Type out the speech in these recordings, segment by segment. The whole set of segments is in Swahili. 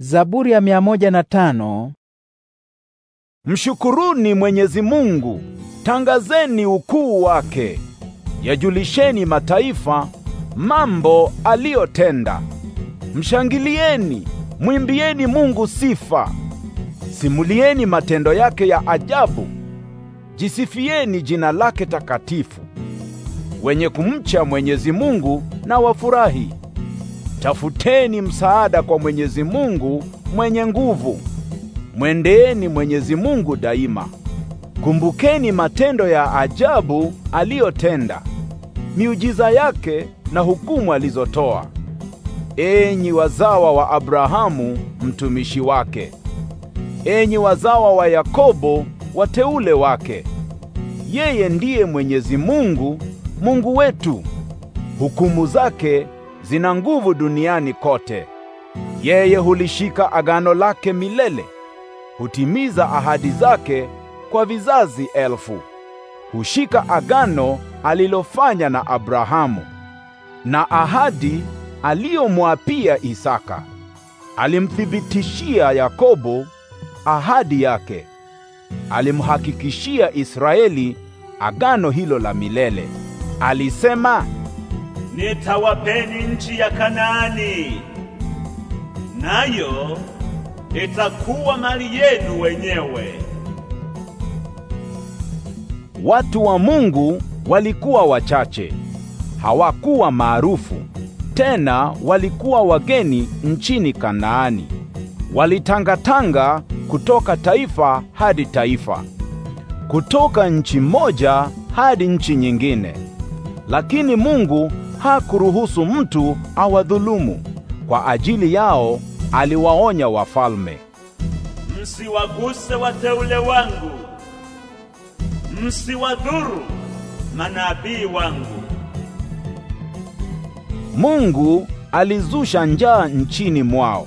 Zaburi ya mia moja na tano. Mshukuruni Mwenyezi Mungu, tangazeni ukuu wake. Yajulisheni mataifa mambo aliyotenda. Mshangilieni, mwimbieni Mungu sifa. Simulieni matendo yake ya ajabu. Jisifieni jina lake takatifu. Wenye kumcha Mwenyezi Mungu na wafurahi. Tafuteni msaada kwa Mwenyezi Mungu mwenye nguvu. Mwendeeni Mwenyezi Mungu daima. Kumbukeni matendo ya ajabu aliyotenda, miujiza yake na hukumu alizotoa. Enyi wazawa wa Abrahamu mtumishi wake, enyi wazawa wa Yakobo wateule wake. Yeye ndiye Mwenyezi Mungu, Mungu wetu. Hukumu zake zina nguvu duniani kote. Yeye hulishika agano lake milele, hutimiza ahadi zake kwa vizazi elfu. Hushika agano alilofanya na Abrahamu na ahadi aliyomwapia Isaka. Alimthibitishia Yakobo ahadi yake, alimhakikishia Israeli agano hilo la milele. Alisema, nitawapeni nchi ya Kanaani, nayo itakuwa mali yenu wenyewe. Watu wa Mungu walikuwa wachache, hawakuwa maarufu tena, walikuwa wageni nchini Kanaani. Walitangatanga kutoka taifa hadi taifa, kutoka nchi moja hadi nchi nyingine, lakini Mungu hakuruhusu mtu awadhulumu. Kwa ajili yao aliwaonya wafalme, msiwaguse wateule wangu, msiwadhuru manabii wangu. Mungu alizusha njaa nchini mwao,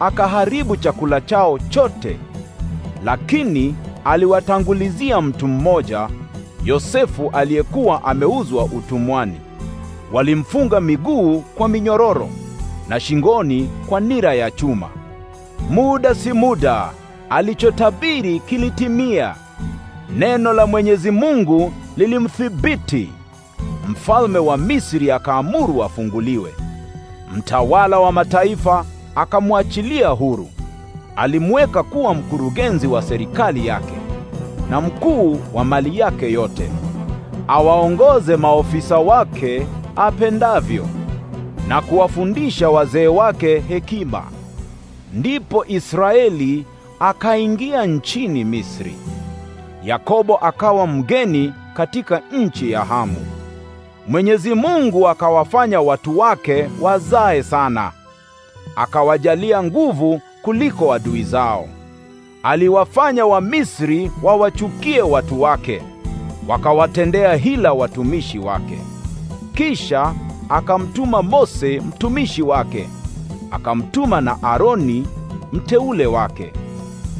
akaharibu chakula chao chote, lakini aliwatangulizia mtu mmoja, Yosefu, aliyekuwa ameuzwa utumwani. Walimfunga miguu kwa minyororo na shingoni kwa nira ya chuma. Muda si muda alichotabiri kilitimia. Neno la Mwenyezi Mungu lilimthibiti. Mfalme wa Misri akaamuru afunguliwe. Mtawala wa mataifa akamwachilia huru. Alimweka kuwa mkurugenzi wa serikali yake na mkuu wa mali yake yote. Awaongoze maofisa wake apendavyo na kuwafundisha wazee wake hekima. Ndipo Israeli akaingia nchini Misri. Yakobo akawa mgeni katika nchi ya Hamu. Mwenyezi Mungu akawafanya watu wake wazae sana. Akawajalia nguvu kuliko adui zao. Aliwafanya Misri wawachukie watu wake. Wakawatendea hila watumishi wake. Kisha akamtuma Mose mtumishi wake, akamtuma na Aroni mteule wake,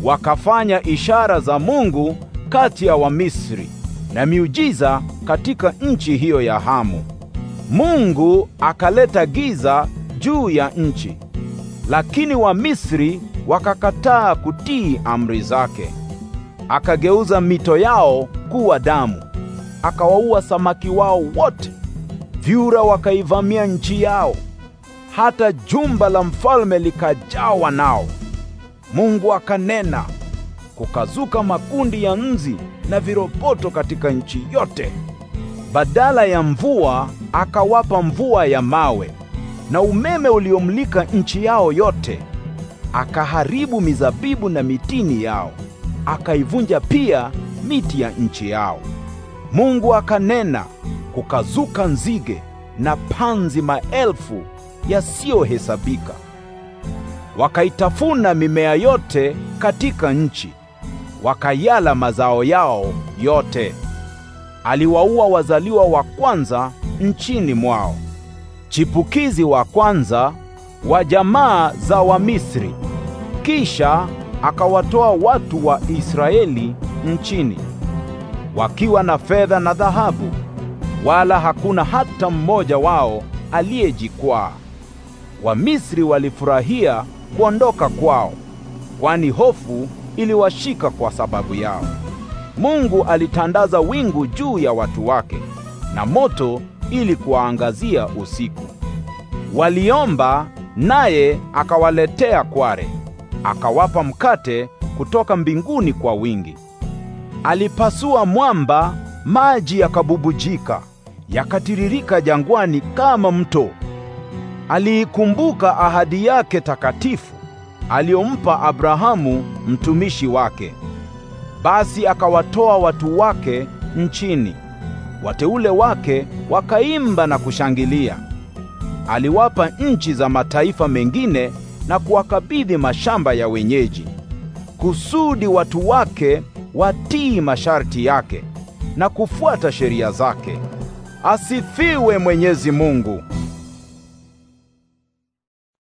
wakafanya ishara za Mungu kati ya Wamisri na miujiza katika nchi hiyo ya Hamu. Mungu akaleta giza juu ya nchi, lakini Wamisri wakakataa kutii amri zake. Akageuza mito yao kuwa damu, akawaua samaki wao wote vyura wakaivamia nchi yao, hata jumba la mfalme likajawa nao. Mungu akanena, kukazuka makundi ya nzi na viroboto katika nchi yote. Badala ya mvua akawapa mvua ya mawe na umeme uliomlika nchi yao yote. Akaharibu mizabibu na mitini yao, akaivunja pia miti ya nchi yao. Mungu akanena, kukazuka nzige na panzi maelfu yasiyohesabika. Wakaitafuna mimea yote katika nchi, wakayala mazao yao yote. Aliwaua wazaliwa wa kwanza nchini mwao, chipukizi wa kwanza wa jamaa za Wamisri. Kisha akawatoa watu wa Israeli nchini wakiwa na fedha na dhahabu wala hakuna hata mmoja wao aliyejikwaa. Wamisri walifurahia kuondoka kwao, kwani hofu iliwashika kwa sababu yao. Mungu alitandaza wingu juu ya watu wake na moto ili kuwaangazia usiku. Waliomba naye akawaletea kware, akawapa mkate kutoka mbinguni kwa wingi. Alipasua mwamba maji yakabubujika yakatiririka jangwani kama mto. Aliikumbuka ahadi yake takatifu aliyompa Abrahamu mtumishi wake. Basi akawatoa watu wake nchini, wateule wake wakaimba na kushangilia. Aliwapa nchi za mataifa mengine na kuwakabidhi mashamba ya wenyeji, kusudi watu wake watii masharti yake na kufuata sheria zake. Asifiwe Mwenyezi Mungu!